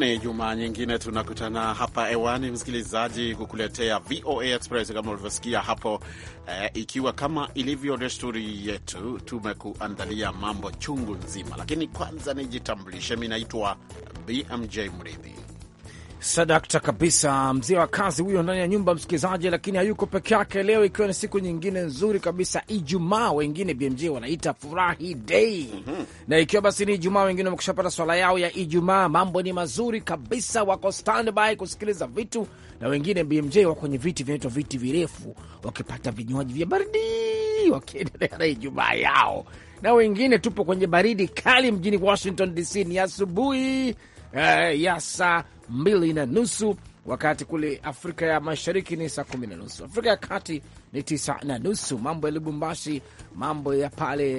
Ni jumaa nyingine tunakutana hapa hewani, msikilizaji, kukuletea VOA Express kama ulivyosikia hapo eh, ikiwa kama ilivyo desturi yetu, tumekuandalia mambo chungu nzima, lakini kwanza nijitambulishe, mi naitwa BMJ Mridhi. Sadakta kabisa, mzee wa kazi huyo ndani ya nyumba msikilizaji, lakini hayuko peke yake leo, ikiwa ni siku nyingine nzuri kabisa, Ijumaa, wengine BMJ wanaita furahi dei mm -hmm. na ikiwa basi ni Ijumaa, wengine wamekushapata swala yao ya Ijumaa, mambo ni mazuri kabisa, wako standby kusikiliza vitu, na wengine BMJ wako kwenye viti vinaitwa viti virefu, wakipata vinywaji vya baridi, wakiendelea na Ijumaa yao, na wengine tupo kwenye baridi kali mjini Washington DC, ni asubuhi uh, eh, yasa mbili na nusu wakati kule Afrika ya Mashariki ni saa kumi na nusu Afrika ya Kati ni tisa na nusu Mambo ya Lubumbashi, mambo ya pale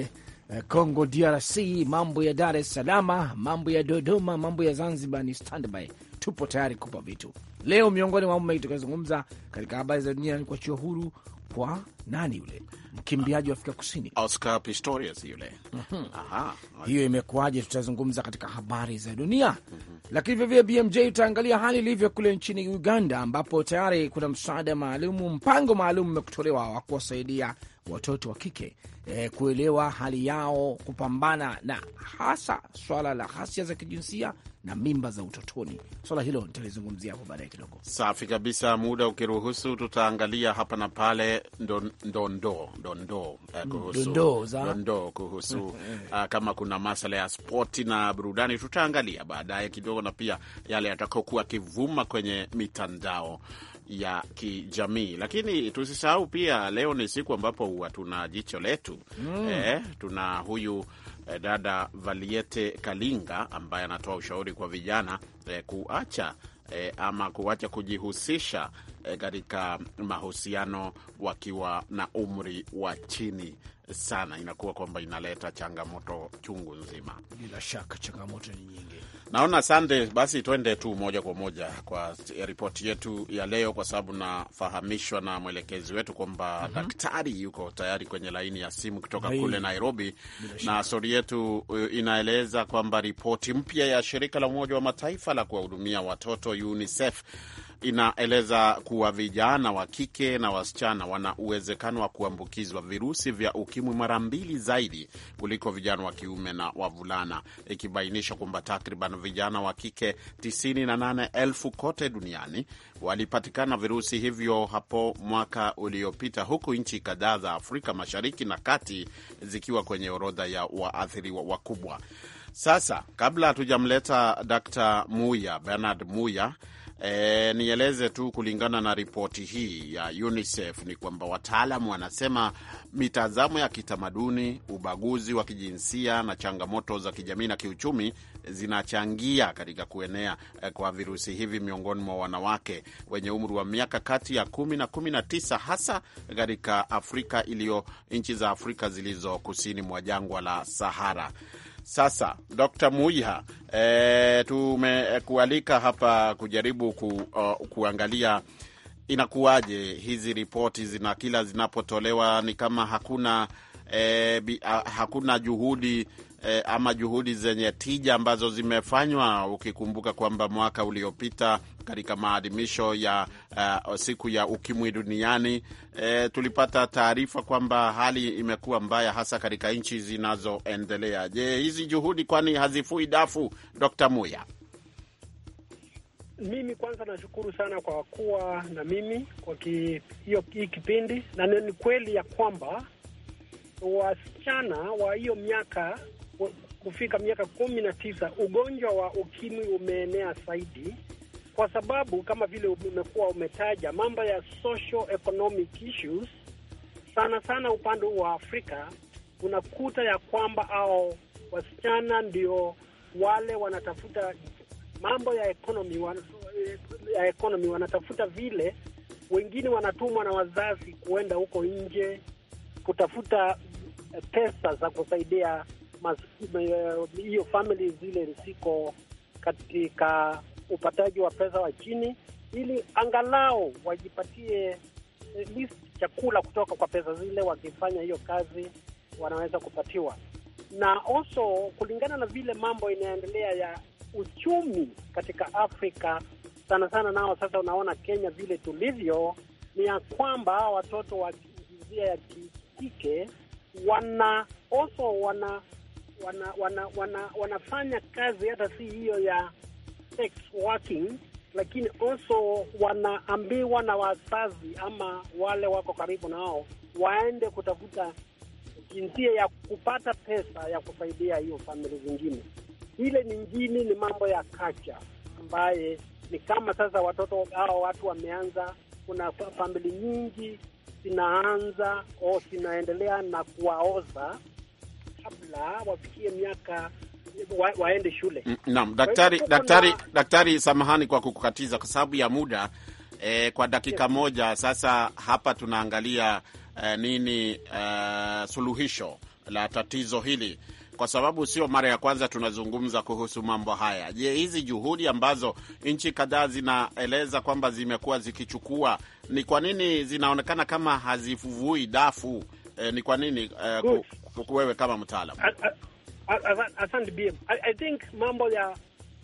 eh, Congo DRC, mambo ya Dar es Salama, mambo ya Dodoma, mambo ya Zanzibar ni standby. Tupo tayari kupa vitu leo. Miongoni mwa mambo tukazungumza katika habari za dunia ni kuachiwa huru kwa nani yule mkimbiaji wa Afrika Kusini Oscar Pistorius yule. Mhm. Aha, hiyo imekuwaje? Tutazungumza katika habari za dunia. Mhm. Lakini vilevile BMJ utaangalia hali ilivyo kule nchini Uganda, ambapo tayari kuna msaada maalumu, mpango maalum umekutolewa wa kuwasaidia watoto wa kike eh, kuelewa hali yao, kupambana na hasa swala la ghasia za kijinsia na mimba za utotoni. Swala hilo nitalizungumzia hapo baadaye kidogo. Safi kabisa, muda ukiruhusu, tutaangalia hapa na pale ndo eh, kuhusu, dondo, kuhusu uh, kama kuna masala ya spoti na burudani tutaangalia baadaye kidogo, na pia yale yatakokuwa kivuma kwenye mitandao ya kijamii. Lakini tusisahau pia, leo ni siku ambapo huwa tuna jicho letu mm. Eh, tuna huyu eh, dada Valiete Kalinga ambaye anatoa ushauri kwa vijana eh, kuacha eh, ama kuacha kujihusisha e, katika mahusiano wakiwa na umri wa chini sana, inakuwa kwamba inaleta changamoto chungu nzima. Bila shaka changamoto ni nyingi. Naona sande basi twende tu moja kwa moja kwa ripoti yetu ya leo, kwa sababu nafahamishwa na mwelekezi wetu kwamba mm -hmm. daktari yuko tayari kwenye laini ya simu kutoka Hai. kule Nairobi na stori yetu uh, inaeleza kwamba ripoti mpya ya shirika la Umoja wa Mataifa la kuwahudumia watoto UNICEF inaeleza kuwa vijana wa kike na wasichana wana uwezekano wa kuambukizwa virusi vya ukimwi mara mbili zaidi kuliko vijana wa kiume na wavulana, ikibainisha kwamba takriban vijana wa kike 98,000 kote duniani walipatikana virusi hivyo hapo mwaka uliopita, huku nchi kadhaa za Afrika Mashariki na Kati zikiwa kwenye orodha ya waathiriwa wakubwa. Sasa kabla hatujamleta Dr. Muya Bernard Muya E, nieleze tu kulingana na ripoti hii ya UNICEF ni kwamba wataalamu wanasema mitazamo ya kitamaduni, ubaguzi wa kijinsia na changamoto za kijamii na kiuchumi zinachangia katika kuenea e, kwa virusi hivi miongoni mwa wanawake wenye umri wa miaka kati ya kumi na kumi na tisa hasa katika Afrika iliyo nchi za Afrika zilizo kusini mwa jangwa la Sahara. Sasa Dr Muiha, e, tumekualika hapa kujaribu ku, uh, kuangalia inakuwaje hizi ripoti zina kila zinapotolewa ni kama hakuna, e, bi, a, uh, hakuna juhudi eh, ama juhudi zenye tija ambazo zimefanywa, ukikumbuka kwamba mwaka uliopita katika maadhimisho ya uh, siku ya ukimwi duniani eh, tulipata taarifa kwamba hali imekuwa mbaya hasa katika nchi zinazoendelea. Je, hizi juhudi kwani hazifui dafu, Dr. Muya? Mimi kwanza nashukuru sana kwa kuwa na mimi kwa ki, hiyo hii kipindi, na ni kweli ya kwamba wasichana wa hiyo miaka kufika miaka kumi na tisa ugonjwa wa ukimwi umeenea zaidi, kwa sababu kama vile umekuwa umetaja mambo ya social economic issues, sana sana upande wa Afrika unakuta ya kwamba au wasichana ndio wale wanatafuta mambo ya economy, wan, ya economy wanatafuta vile, wengine wanatumwa na wazazi kuenda huko nje kutafuta pesa za kusaidia hiyo famili zile ziko katika upataji wa pesa wa chini, ili angalau wajipatie at least chakula kutoka kwa pesa zile. Wakifanya hiyo kazi, wanaweza kupatiwa na also, kulingana na vile mambo inaendelea ya uchumi katika Afrika sana sana, nao sasa, unaona Kenya vile tulivyo, ni ya kwamba watoto wa jinsia ya kike wana also wana wana, wana, wana, wanafanya kazi hata si hiyo ya sex working, lakini also wanaambiwa na wazazi ama wale wako karibu nao waende kutafuta jinsia ya kupata pesa ya kusaidia hiyo famili zingine. Ile nyingine ni mambo ya kacha, ambaye ni kama sasa watoto hao watu wameanza, kuna famili nyingi zinaanza au zinaendelea na kuwaoza kabla wafikie miaka wa, waende shule. Mm, naam, daktari daktari na... daktari, samahani kwa kukukatiza kwa sababu ya muda eh, kwa dakika yes, moja. Sasa hapa tunaangalia eh, nini eh, suluhisho la tatizo hili kwa sababu sio mara ya kwanza tunazungumza kuhusu mambo haya. Je, hizi juhudi ambazo nchi kadhaa zinaeleza kwamba zimekuwa zikichukua, ni kwa nini zinaonekana kama hazifuvui dafu? Eh, ni kwa nini eh, wewe kama mtaalamu? Asante BM. I think mambo ya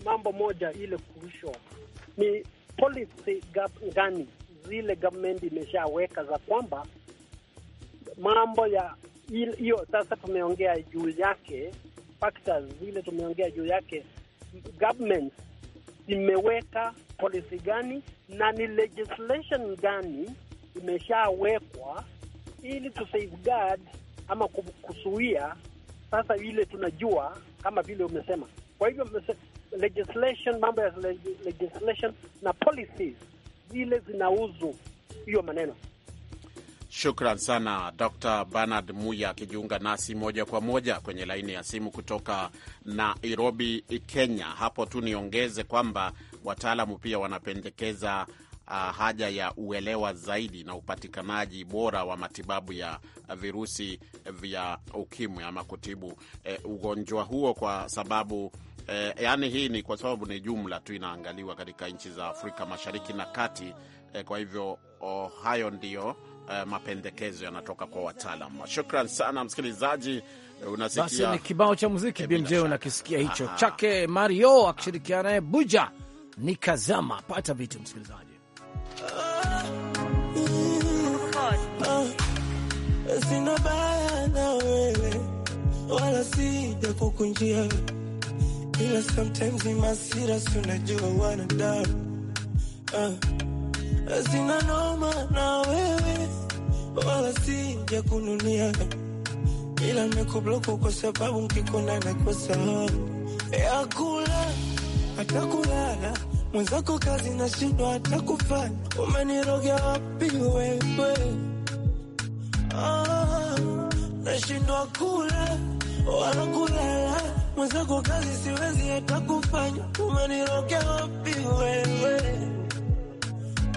mambo moja ile kurushwa ni policy gani zile government imeshaweka za kwamba mambo ya hiyo sasa tumeongea juu yake, factors zile tumeongea juu yake, government imeweka policy gani na ni legislation gani imeshawekwa ili to safeguard ama kusuia Sasa ile tunajua kama vile umesema. Kwa hivyo legislation, mambo ya legislation na policies zile zinauzu hiyo maneno. Shukran sana Dr Bernard Muya akijiunga nasi moja kwa moja kwenye laini ya simu kutoka Nairobi, Kenya. Hapo tu niongeze kwamba wataalamu pia wanapendekeza Uh, haja ya uelewa zaidi na upatikanaji bora wa matibabu ya virusi vya ukimwi ama kutibu e, ugonjwa huo kwa sababu e, eh, yani hii ni kwa sababu ni jumla tu inaangaliwa katika nchi za Afrika Mashariki na Kati e, kwa hivyo oh, hayo ndiyo Uh, mapendekezo yanatoka kwa wataalam. Shukran sana msikilizaji, unasikia basi ni kibao cha muziki BMJ unakisikia hicho chake Mario akishirikiana naye Buja ni kazama. Pata vitu msikilizaji Ah, sina baya na wewe wala sija kukunjia, ila sometimes masira sunajua wanadamu. Ah, sina noma na wewe wala sija kununia, ila nimekubloku kwa sababu mkikona na kwa sababu ya kula hata kulala mwenzako kazi na shindwa hata kufanya, umeniroga wapi wewe? Ah, nashindwa kula wala kulala, mwenzako kazi siwezi hata kufanya, wapi wewe?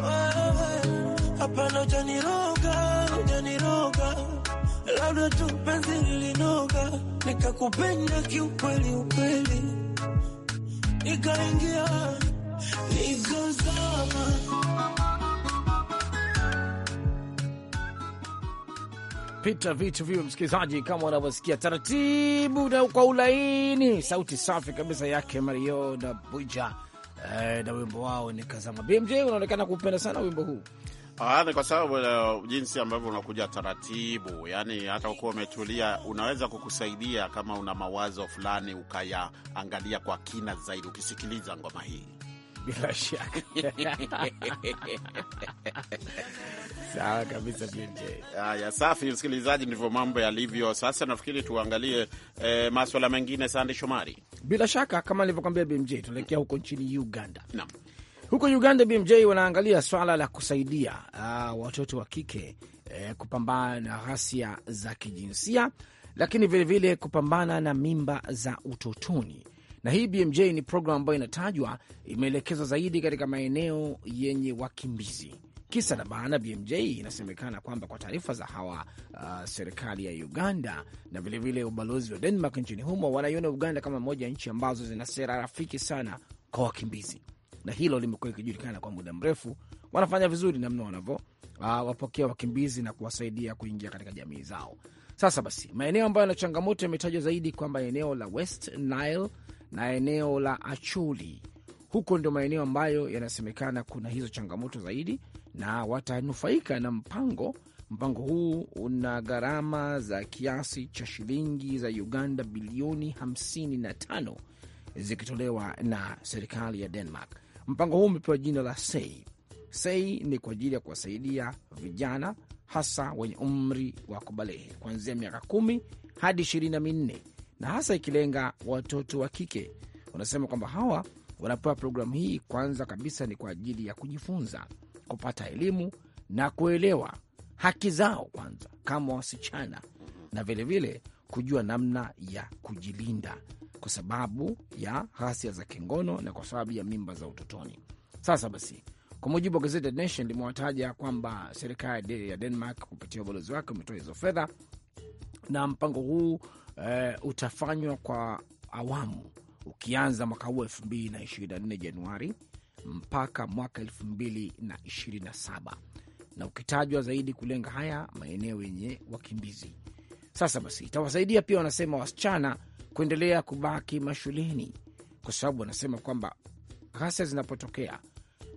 Ah, hapana, janiroga janiroga labda tu penzi linoga, nikakupenda kiukweli ukweli, nikaingia pita vitu vivyo, msikilizaji, kama unavyosikia taratibu na kwa ulaini, sauti safi kabisa yake Mario na Buja eh, na wimbo wao ni Kazama. BMJ, unaonekana kuupenda sana wimbo huu. Ah, ni kwa sababu uh, jinsi ambavyo unakuja taratibu, yani hata ukuwa umetulia unaweza kukusaidia kama una mawazo fulani ukayaangalia kwa kina zaidi ukisikiliza ngoma hii bila shaka sawa kabisa BMJ. Haya, safi msikilizaji, ndivyo mambo yalivyo sasa. Nafikiri tuangalie eh, maswala mengine. Sande Shomari, bila shaka kama alivyokwambia BMJ, tunaelekea huko nchini Uganda. Naam, huko Uganda BMJ wanaangalia swala la kusaidia uh, watoto wa kike eh, kupambana na ghasia za kijinsia, lakini vilevile vile kupambana na mimba za utotoni na hii BMJ ni programu ambayo inatajwa imeelekezwa zaidi katika maeneo yenye wakimbizi. Kisa na maana, BMJ inasemekana kwamba kwa taarifa za hawa uh, serikali ya Uganda na vilevile ubalozi wa Denmark nchini humo wanaiona Uganda kama moja ya nchi ambazo zina sera rafiki sana kwa wakimbizi, na hilo limekuwa likijulikana kwa muda mrefu. Wanafanya vizuri namna wanavyo uh, wapokea wakimbizi na kuwasaidia kuingia katika jamii zao. Sasa basi, maeneo ambayo yana changamoto yametajwa zaidi kwamba eneo la West Nile na eneo la Acholi. Huko ndio maeneo ambayo yanasemekana kuna hizo changamoto zaidi, na watanufaika na mpango. Mpango huu una gharama za kiasi cha shilingi za Uganda bilioni 55 zikitolewa na serikali ya Denmark. Mpango huu umepewa jina la SEI. SEI ni kwa ajili ya kuwasaidia vijana hasa wenye umri wa kubalehe kuanzia miaka kumi hadi ishirini na minne na hasa ikilenga watoto wa kike. Wanasema kwamba hawa wanapewa programu hii kwanza kabisa ni kwa ajili ya kujifunza, kupata elimu na kuelewa haki zao kwanza kama wasichana, na vilevile vile kujua namna ya kujilinda kwa sababu ya ghasia za kingono na kwa sababu ya mimba za utotoni. Sasa basi, kwa mujibu wa gazeti Nation limewataja kwamba serikali ya Denmark kupitia ubalozi wake umetoa hizo fedha na mpango huu eh, utafanywa kwa awamu ukianza mwaka huu nne Januari mpaka mwaka saba na ukitajwa zaidi kulenga haya maeneo yenye wakimbizi. Sasa basi, itawasaidia pia, wanasema wasichana kuendelea kubaki mashuleni, kwa sababu wanasema kwamba ghasia zinapotokea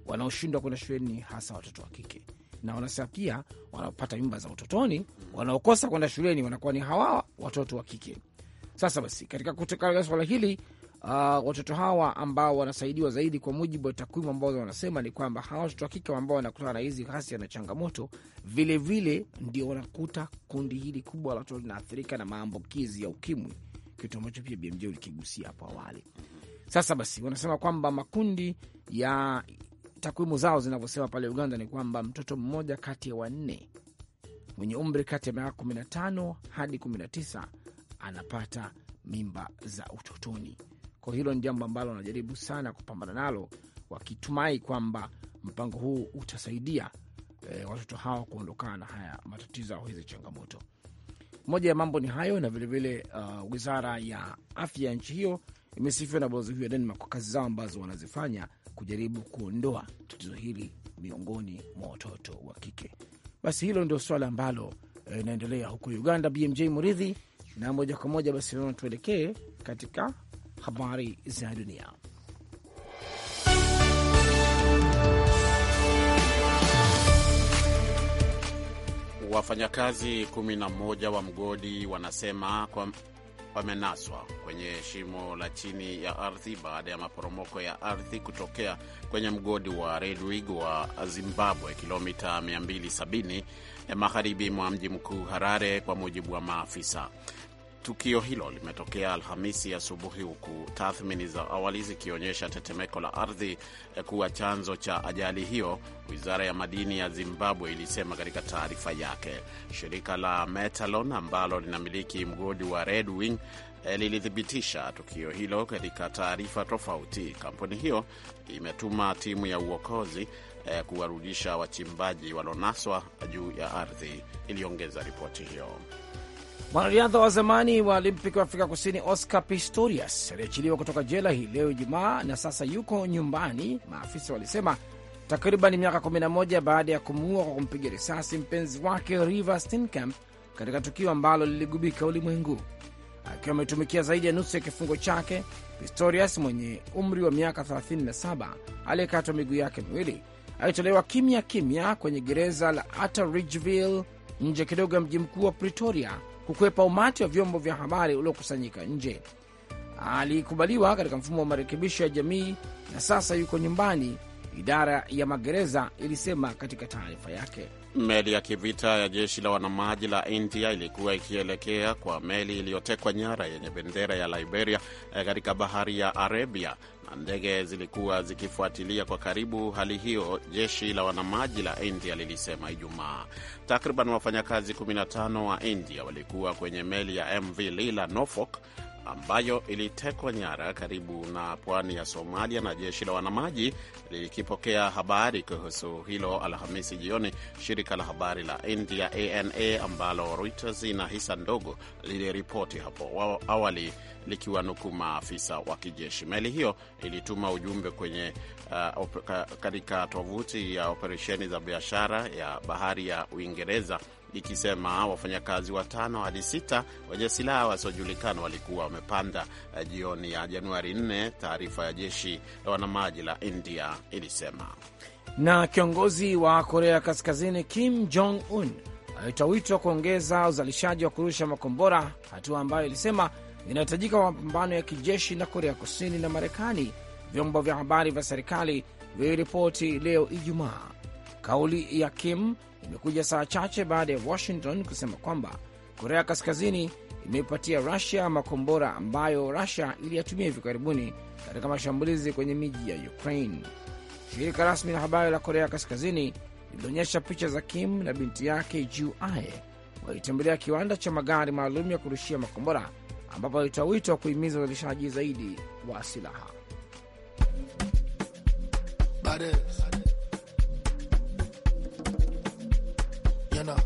wanaoshindwa kwenda shuleni hasa watoto wa kike na wanasema pia wanaopata mimba za utotoni, wanaokosa kwenda shuleni wanakuwa ni hawa watoto wa kike. Sasa basi, katika kutekeleza swala hili uh, watoto hawa ambao wanasaidiwa zaidi, kwa mujibu wa takwimu ambazo wanasema ni kwamba hawa watoto wa kike ambao wanakutana na hizi ghasia na changamoto, vilevile ndio wanakuta kundi hili kubwa la watoto linaathirika na maambukizi ya ukimwi, kitu ambacho pia BMJ ulikigusia hapo awali. Sasa basi, wanasema kwamba makundi ya takwimu zao zinavyosema pale Uganda ni kwamba mtoto mmoja kati ya wanne mwenye umri kati ya miaka 15 hadi 19 anapata mimba za utotoni. Kwa hilo ni jambo ambalo wanajaribu sana kupambana nalo, wakitumai kwamba mpango huu utasaidia e, watoto hawa kuondokana na haya matatizo au hizi changamoto. Moja ya mambo ni hayo, na vilevile wizara vile, uh, ya afya ya nchi hiyo imesifiwa na balozi huyo Denmark kwa kazi zao ambazo wanazifanya kujaribu kuondoa tatizo hili miongoni mwa watoto wa kike. Basi hilo ndio swala ambalo eh, inaendelea e, huko Uganda. BMJ Muridhi, na moja kwa moja basi naona tuelekee katika habari za dunia. Wafanyakazi 11 wa mgodi wanasema kwa wamenaswa kwenye shimo la chini ya ardhi baada ya maporomoko ya ardhi kutokea kwenye mgodi wa Redwig wa Zimbabwe, kilomita 270 eh, magharibi mwa mji mkuu Harare, kwa mujibu wa maafisa. Tukio hilo limetokea Alhamisi asubuhi, huku tathmini za awali zikionyesha tetemeko la ardhi kuwa chanzo cha ajali hiyo, wizara ya madini ya Zimbabwe ilisema katika taarifa yake. Shirika la Metalon ambalo linamiliki mgodi wa Red Wing eh, lilithibitisha tukio hilo katika taarifa tofauti. Kampuni hiyo imetuma timu ya uokozi eh, kuwarudisha wachimbaji walonaswa juu ya ardhi, iliongeza ripoti hiyo. Mwanariadha wa zamani wa olimpik wa Afrika Kusini Oscar Pistorius aliachiliwa kutoka jela hii leo Ijumaa na sasa yuko nyumbani, maafisa walisema, takriban miaka 11 baada ya kumuua kwa kumpiga risasi mpenzi wake Reeva Steenkamp katika tukio ambalo liligubika ulimwengu. Akiwa ametumikia zaidi ya nusu ya kifungo chake, Pistorius mwenye umri wa miaka 37 aliyekatwa miguu yake miwili alitolewa kimya kimya kwenye gereza la Atteridgeville nje kidogo ya mji mkuu wa Pretoria kukwepa umati wa vyombo vya habari uliokusanyika nje. Alikubaliwa katika mfumo wa marekebisho ya jamii na sasa yuko nyumbani, idara ya magereza ilisema katika taarifa yake. Meli ya kivita ya jeshi la wanamaji la India ilikuwa ikielekea kwa meli iliyotekwa nyara yenye bendera ya Liberia eh, katika bahari ya Arabia, na ndege zilikuwa zikifuatilia kwa karibu hali hiyo, jeshi la wanamaji la India lilisema Ijumaa. Takriban wafanyakazi 15 wa India walikuwa kwenye meli ya MV Lila Norfolk ambayo ilitekwa nyara karibu na pwani ya Somalia na jeshi la wanamaji likipokea habari kuhusu hilo Alhamisi jioni. Shirika la habari la India ANA ambalo Reuters ina hisa ndogo liliripoti hapo awali likiwanukuu maafisa wa kijeshi. Meli hiyo ilituma ujumbe kwenye uh, katika tovuti ya operesheni za biashara ya bahari ya Uingereza ikisema wafanyakazi watano hadi sita wenye silaha wasiojulikana walikuwa wamepanda eh, jioni ya Januari 4, taarifa ya jeshi la wanamaji la India ilisema. Na kiongozi wa Korea Kaskazini Kim Jong Un alitoa wito wa kuongeza uzalishaji wa kurusha makombora, hatua ambayo ilisema inahitajika kwa mapambano ya kijeshi na Korea Kusini na Marekani, vyombo vya habari vya serikali viliripoti leo Ijumaa. Kauli ya Kim imekuja saa chache baada ya Washington kusema kwamba Korea Kaskazini imeipatia Rusia makombora ambayo Rusia iliyatumia hivi karibuni katika mashambulizi kwenye miji ya Ukraine. Shirika rasmi la habari la Korea Kaskazini lilionyesha picha za Kim na binti yake Ju Ae walitembelea kiwanda cha magari maalum ya kurushia makombora ambapo walitoa wito wa kuhimiza uzalishaji zaidi wa silaha Baris. No.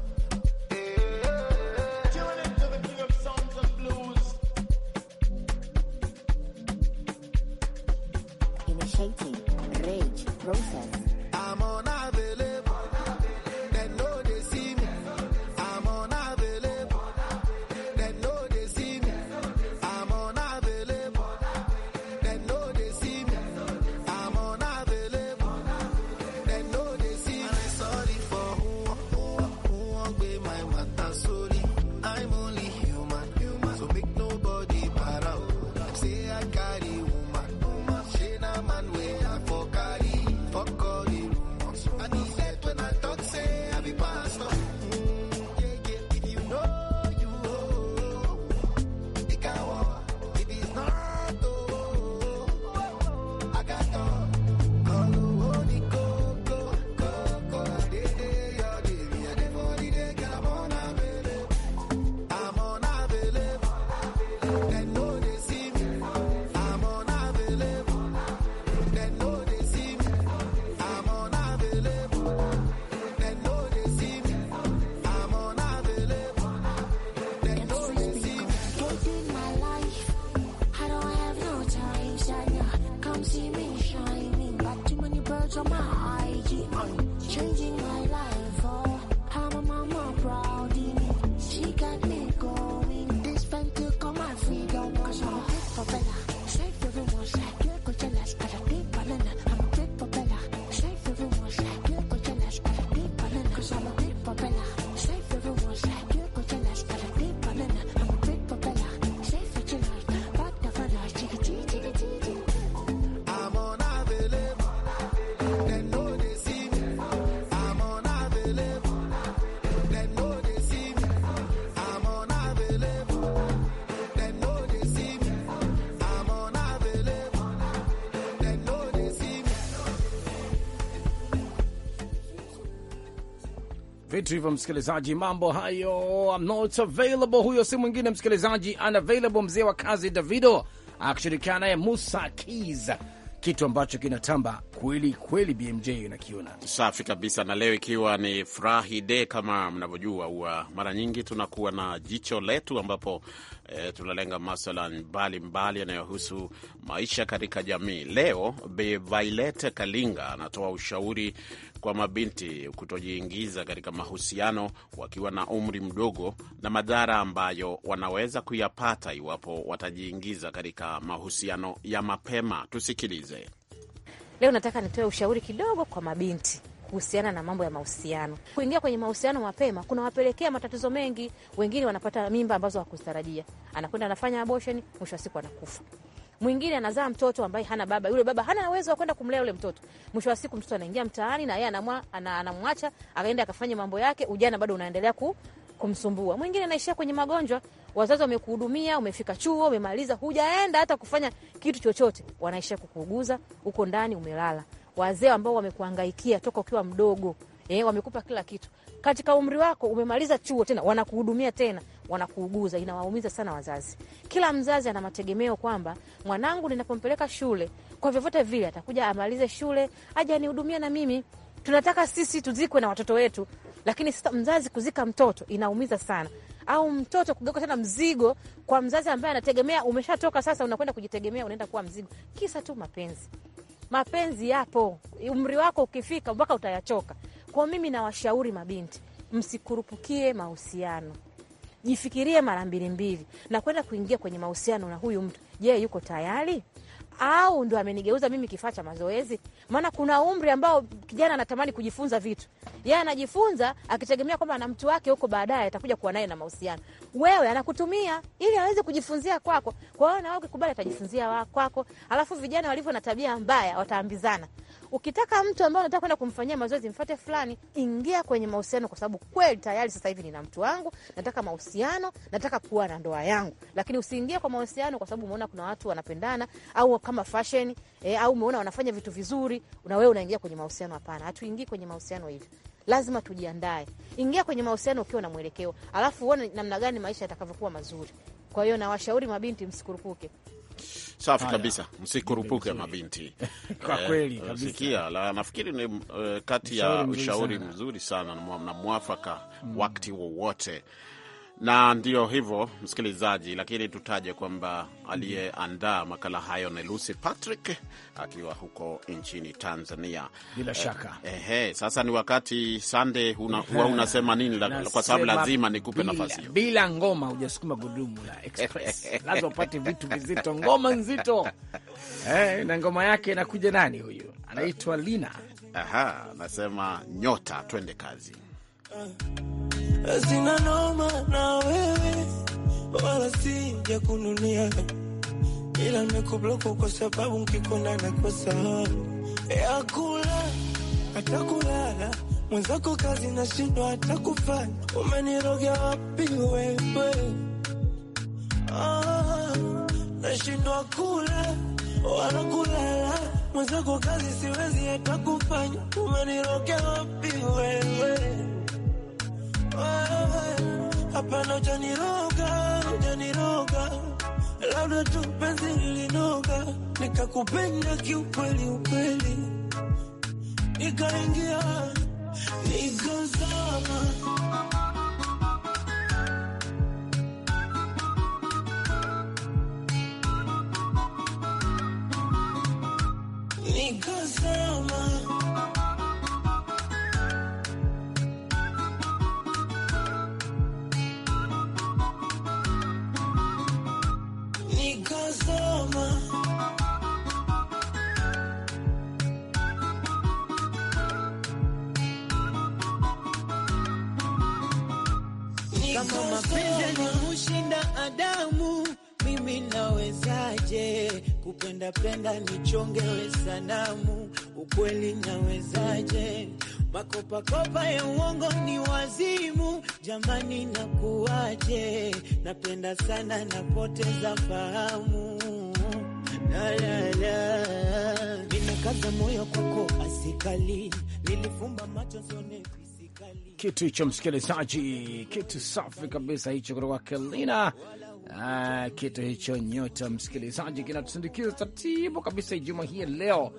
vitu hivyo, msikilizaji. Mambo hayo, I'm not available. Huyo si mwingine msikilizaji, unavailable, mzee wa kazi Davido akishirikiana naye Musa Keys, kitu ambacho kinatamba kweli kweli, BMJ unakiona safi kabisa. Na leo ikiwa ni furahi de, kama mnavyojua, huwa mara nyingi tunakuwa na jicho letu ambapo e, tunalenga maswala mbalimbali yanayohusu maisha katika jamii. Leo Bi Violet Kalinga anatoa ushauri kwa mabinti kutojiingiza katika mahusiano wakiwa na umri mdogo na madhara ambayo wanaweza kuyapata iwapo watajiingiza katika mahusiano ya mapema. Tusikilize. Leo nataka nitoe ushauri kidogo kwa mabinti kuhusiana na mambo ya mahusiano. Kuingia kwenye mahusiano mapema kunawapelekea matatizo mengi. Wengine wanapata mimba ambazo hakuzitarajia, anakwenda anafanya abosheni, mwisho wa siku anakufa. Mwingine anazaa mtoto ambaye hana baba, yule baba hana uwezo wa kwenda kumlea yule mtoto. Mwisho wa siku mtoto anaingia mtaani na yeye anamwacha, akaenda akafanya mambo yake, ujana bado unaendelea ku, kumsumbua. Mwingine anaishia kwenye magonjwa, wazazi wamekuhudumia, umefika chuo, umemaliza, hujaenda hata kufanya kitu chochote, wanaisha kukuuguza huko ndani, umelala. Wazee ambao wamekuangaikia toka ukiwa mdogo eh, wamekupa kila kitu, katika umri wako umemaliza chuo tena wanakuhudumia tena wanakuuguza. Inawaumiza sana wazazi. Kila mzazi ana mategemeo kwamba mwanangu ninapompeleka shule, kwa vyovyote vile atakuja amalize shule, aje anihudumia na mimi tunataka sisi tuzikwe na watoto wetu, lakini sasa mzazi kuzika mtoto inaumiza sana au mtoto kugeuka tena mzigo kwa mzazi ambaye anategemea. Umeshatoka sasa, unakwenda kujitegemea, unaenda kuwa mzigo, kisa tu mapenzi. Mapenzi yapo, umri wako ukifika mpaka utayachoka. Kwa mimi nawashauri mabinti, msikurupukie mahusiano, jifikirie mara mbili mbili, na kwenda kuingia kwenye mahusiano na huyu mtu. Je, yuko tayari? au ndo amenigeuza mimi kifaa cha mazoezi? Maana kuna umri ambao kijana anatamani kujifunza vitu, yeye anajifunza akitegemea kwamba na mtu wake huko baadaye atakuja kuwa naye na mahusiano. Wewe anakutumia ili aweze kujifunzia kwako, kwa hiyo na wewe ukikubali atajifunzia kwako. Alafu vijana walivyo na tabia mbaya, wataambizana Ukitaka mtu ambaye unataka kwenda kumfanyia mazoezi, mfate fulani, ingia kwenye mahusiano, kwa sababu kweli tayari sasa hivi nina mtu wangu, nataka mahusiano, nataka kuwa na ndoa yangu. Lakini usiingie kwa mahusiano kwa sababu umeona kuna watu wanapendana au kama fashion eh, au umeona wanafanya vitu vizuri, na wewe unaingia kwenye mahusiano. Hapana, hatuingii kwenye mahusiano hivyo. Lazima tujiandae. Ingia kwenye mahusiano ukiwa na mwelekeo, alafu uone namna gani maisha yatakavyokuwa mazuri. Kwa hiyo nawashauri mabinti, msikurukuke, Safi kabisa, msikurupuke mabinti kwa eh, kweli eh, kabisa. Sikia la, nafikiri ni uh, kati ya ushauri mzuri, sana na mwafaka mm. wakati wowote wa na ndiyo hivyo msikilizaji, lakini tutaje kwamba aliyeandaa makala hayo ni Lucy Patrick akiwa huko nchini Tanzania bila shaka. Eh, eh, eh sasa ni wakati sande una, huwa unasema nini la, kwa sababu lazima nikupe nafasi hiyo. Bila ngoma hujasukuma gudumu la express lazima upate vitu vizito, ngoma nzito eh, na ngoma yake inakuja nani huyu? Anaitwa Lina. Aha, anasema nyota, twende kazi. Ah sina noma na wewe wala si ya kununia, ila nimekubloku kwa sababu nkikona nakosa ya eh, kula hata kulala mwenzako kazi nashindwa hata kufanya. Umeniroga wapi wewe? Ah, nashindwa kula wala kulala mwenzako kazi siwezi hata kufanya. Umeniroga wapi wewe? Hapana, hujaniroga, hujaniroga, labda tu penzi lilinoga, nikakupenda kiukweli, ukweli, nikaingia nikazama nikazama unapenda nichongewe sanamu, ukweli nawezaje? Makopakopa ya uongo ni wazimu, jamani nakuwaje? Napenda sana napoteza fahamu Nalala, nimekaza moyo kwako asikali, nilifumba macho sione fisikali. Kitu hicho msikilizaji, kitu safi kabisa hicho kutoka Kelina Ah, kitu hicho nyota, msikilizaji, kinatusindikiza taratibu kabisa Ijumaa hii leo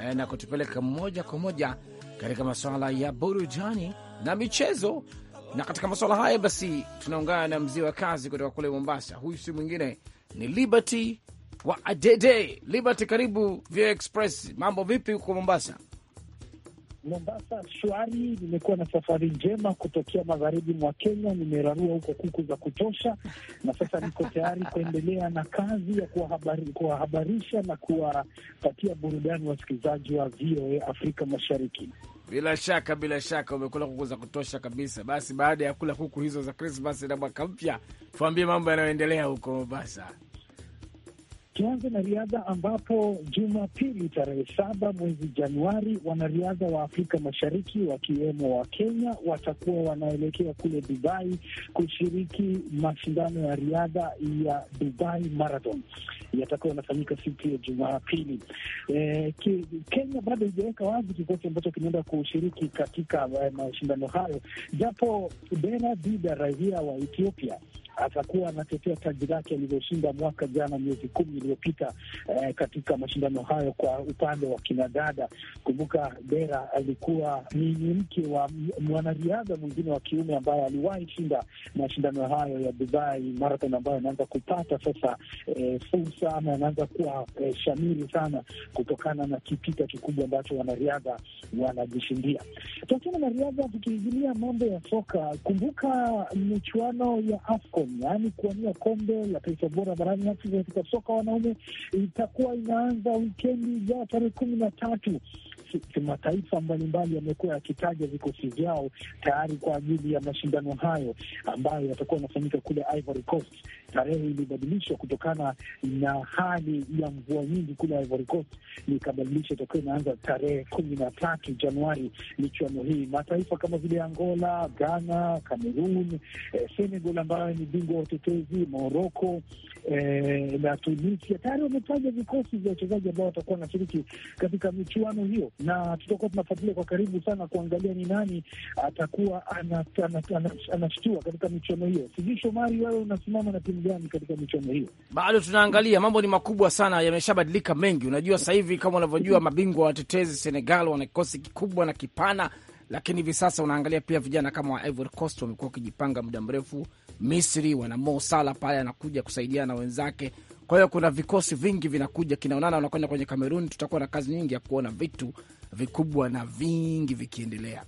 eh, na kutupeleka moja kwa moja katika masuala ya burudani na michezo. Na katika masuala haya basi, tunaungana na mzee wa kazi kutoka kule Mombasa. Huyu si mwingine ni Liberty wa Adede. Liberty, karibu Vio Express. Mambo vipi huko Mombasa? Mombasa shwari, nimekuwa na safari njema kutokea magharibi mwa Kenya, nimerarua huko kuku za kutosha, na sasa niko tayari kuendelea na kazi ya kuwahabari, kuwahabarisha na kuwapatia burudani wasikilizaji wa VOA Afrika Mashariki. Bila shaka, bila shaka umekula kuku za kutosha kabisa. Basi baada ya kula kuku hizo za krismas na mwaka mpya, tuambie mambo yanayoendelea huko Mombasa. Tuanze na riadha ambapo Jumapili tarehe saba mwezi Januari, wanariadha wa Afrika Mashariki wakiwemo wa Kenya watakuwa wanaelekea kule Dubai kushiriki mashindano ya riadha ya Dubai Marathon yatakuwa yanafanyika siku ya Jumapili. E, Kenya bado haijaweka wazi kikosi ambacho kinaenda kushiriki katika eh, mashindano hayo, japo bera Dida, raia wa Ethiopia atakuwa anatetea taji lake alivyoshinda mwaka jana miezi kumi iliyopita eh, katika mashindano hayo kwa upande wa kinadada. Kumbuka Dera alikuwa ni mke wa mwanariadha mwingine wa kiume ambaye aliwahi shinda mashindano hayo ya Dubai Marathon, ambayo anaanza kupata sasa eh, fursa ama anaanza kuwa eh, shamiri sana kutokana na kipita kikubwa ambacho wanariadha wanajishindia. Tukiachana na riadha, tukiingilia mambo ya soka, kumbuka michuano ya AFCON duniani kuwania kombe la taifa bora barani Afrika katika soka wanaume itakuwa inaanza wikendi ijayo tarehe kumi na tatu. Mataifa mbalimbali yamekuwa yakitaja vikosi vyao tayari kwa ajili ya mashindano hayo ambayo yatakuwa yanafanyika kule Ivory Coast. Tarehe ilibadilishwa kutokana na hali ya mvua nyingi kule Ivory Coast, likabadilisha itakuwa inaanza tarehe kumi na tatu Januari michuano hii. Mataifa kama vile Angola, Ghana, Cameroon, eh, Senegal ambayo ni mabingwa wa Moroko eh, na Tunisia tayari wametaja vikosi vya wachezaji ambao watakuwa wanashiriki katika michuano hiyo, na tutakuwa tunafuatilia kwa karibu sana kuangalia ni nani atakuwa anashtua ana, ana, ana, ana katika michuano hiyo. Sijui Shomari, wewe unasimama na timu gani katika michuano hiyo? Bado tunaangalia, mambo ni makubwa sana, yameshabadilika mengi. Unajua sasa hivi kama unavyojua, mabingwa watetezi Senegal wana kikosi kikubwa na kipana lakini hivi sasa unaangalia pia vijana kama wa Ivory Coast wamekuwa wakijipanga muda mrefu. Misri wana Mo Salah pale anakuja kusaidiana na wenzake, kwa hiyo kuna vikosi vingi vinakuja kinaonana, wanakwenda kwenye Kameruni, Tutakuwa na kazi nyingi ya kuona vitu vikubwa na vingi vikiendelea.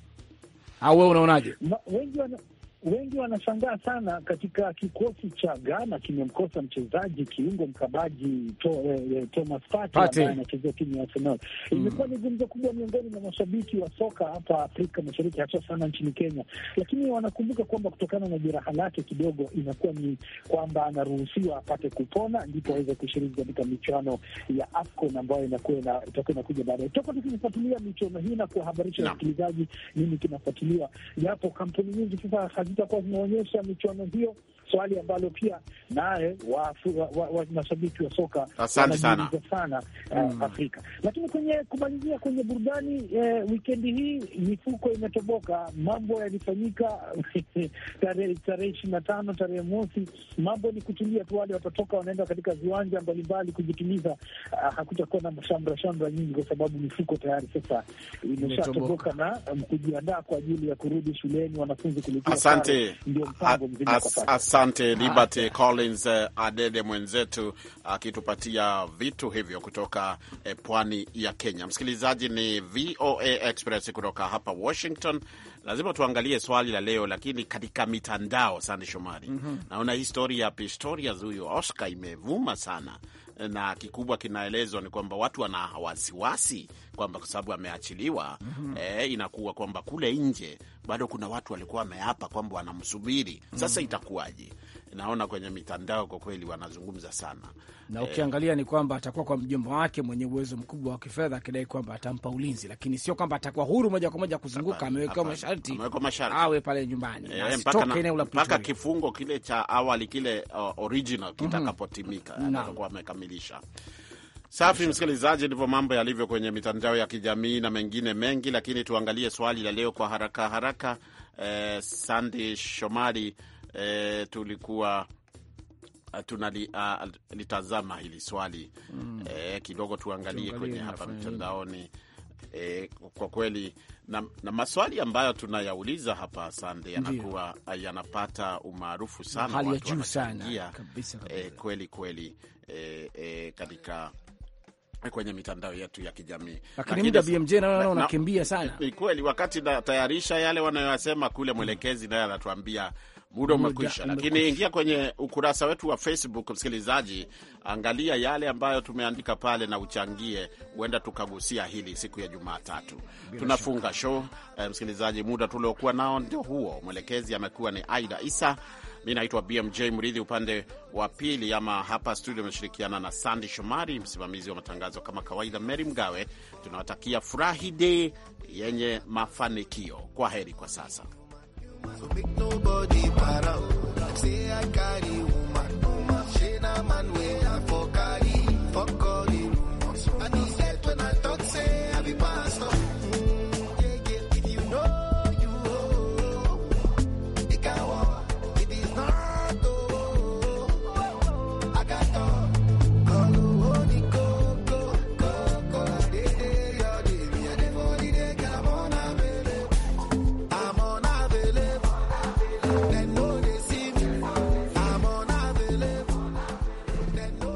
Au wewe unaonaje? Wengi wana, wengi wanashangaa sana katika kikosi cha Ghana kimemkosa mchezaji kiungo mkabaji to, eh, eh Thomas Partey ambaye anachezea timu ya Arsenal. Hmm. Imekuwa ni gumzo kubwa miongoni mwa mashabiki wa soka hapa Afrika Mashariki, hasa sana nchini Kenya, lakini wanakumbuka kwamba kutokana na jeraha lake kidogo inakuwa ni kwamba anaruhusiwa apate kupona ndipo aweze kushiriki katika michuano ya AFCON ambayo itakuwa inakuja baadaye. Toka tukifuatilia michuano hii na kuwahabarisha wasikilizaji no. nini kinafuatiliwa, japo kampuni nyingi sasa Muchas mucho swali ambalo pia naye mashabiki wa, wa, wa, wa soka asante sana, sana mm. uh, Afrika. Lakini kwenye kumalizia kwenye burudani eh, wikendi hii mifuko imetoboka, mambo yalifanyika tarehe ishirini na tano tarehe mosi, mambo ni kutulia tu, wale watatoka wanaenda katika viwanja mbalimbali kujituliza. Uh, ah, hakutakuwa na shamra shamra nyingi kwa sababu mifuko tayari sasa imeshatoboka na um, kujiandaa kwa ajili ya kurudi shuleni wanafunzi kulipia. ndio mpango mzima kwa sasa. Asante Liberty Collins eh, Adede mwenzetu akitupatia vitu hivyo kutoka eh, pwani ya Kenya. Msikilizaji, ni VOA Express kutoka hapa Washington lazima tuangalie swali la leo, lakini katika mitandao, Sande Shomari, mm -hmm. naona historia ya Pistorius huyo Oscar imevuma sana, na kikubwa kinaelezwa ni kwamba watu wana wasiwasi kwamba kwa sababu ameachiliwa, mm -hmm. eh, inakuwa kwamba kule nje bado kuna watu walikuwa wameapa kwamba wanamsubiri sasa, mm -hmm. itakuwaje? naona kwenye mitandao kwa kweli wanazungumza sana, na eh, ukiangalia ni kwamba atakuwa kwa mjomba wake mwenye uwezo mkubwa wa kifedha akidai kwamba atampa ulinzi, lakini sio kwamba atakuwa huru moja kwa moja kuzunguka. Amewekewa masharti, awe pale nyumbani eh, mpaka kifungo kile cha awali kile uh, original mhm. kitakapotimika, mm -hmm. atakuwa amekamilisha. Safi msikilizaji, ndivyo mambo yalivyo kwenye mitandao ya kijamii na mengine mengi, lakini tuangalie swali la leo kwa haraka haraka. Eh, Sandi Shomari e, tulikuwa e, tunalitazama hili swali mm. E, kidogo tuangalie kwenye hapa mtandaoni e, kwa kweli na, na maswali ambayo tunayauliza hapa Sande yanakuwa yanapata umaarufu sana, hali ya juu sana kabisa, kabisa. E, kweli kweli e, e, katika e, kwenye mitandao yetu ya kijamii sana kweli. Wakati natayarisha yale wanayoyasema kule, mm. mwelekezi naye anatuambia muda umekwisha, lakini ingia kwenye ukurasa wetu wa Facebook, msikilizaji, angalia yale ambayo tumeandika pale na uchangie, huenda tukagusia hili siku ya Jumatatu. Tunafunga show eh, msikilizaji, muda tuliokuwa nao ndio huo. Mwelekezi amekuwa ni Aida Isa, mi naitwa BMJ Mridhi upande wa pili, ama hapa studio ameshirikiana na Sandi Shomari, msimamizi wa matangazo kama kawaida Mary Mgawe. Tunawatakia furahi dei yenye mafanikio. Kwa heri kwa sasa. So make nobody para. Say I got it.